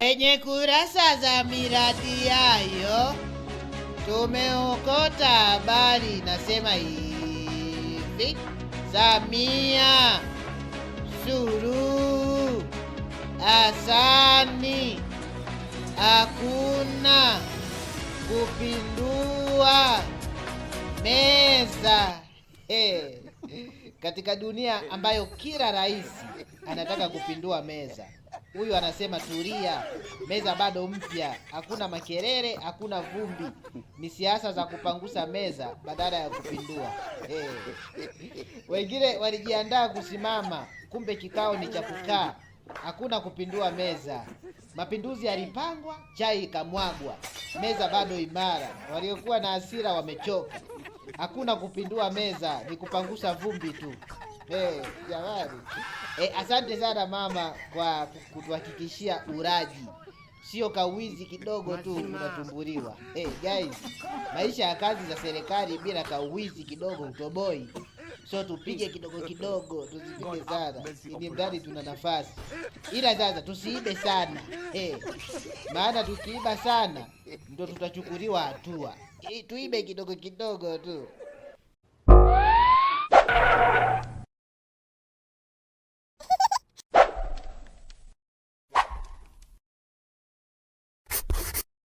Kwenye kurasa za miradi yayo tumeokota habari inasema hivi: Samia Suluhu Hasani, hakuna kupindua meza. Hey, katika dunia ambayo kila rais anataka kupindua meza Huyu anasema tulia, meza bado mpya, hakuna makelele, hakuna vumbi. Ni siasa za kupangusa meza badala ya kupindua. Hey. Eh. Wengine walijiandaa kusimama, kumbe kikao ni cha kukaa, hakuna kupindua meza. Mapinduzi yalipangwa, chai ikamwagwa, meza bado imara. Waliokuwa na hasira wamechoka, hakuna kupindua meza, ni kupangusa vumbi tu. Hey, eh, jamani. Eh, asante sana mama kwa kutuhakikishia uraji, sio kawizi kidogo tu unatumbuliwa. Hey, eh, guys, maisha ya kazi za serikali bila kawizi kidogo utoboi. So tupige kidogo kidogo, tuzipige sana, ili mradi tuna nafasi, ila sasa tusiibe sana hey. Eh, maana tukiiba sana ndo tutachukuliwa hatua. Tuibe kidogo kidogo tu.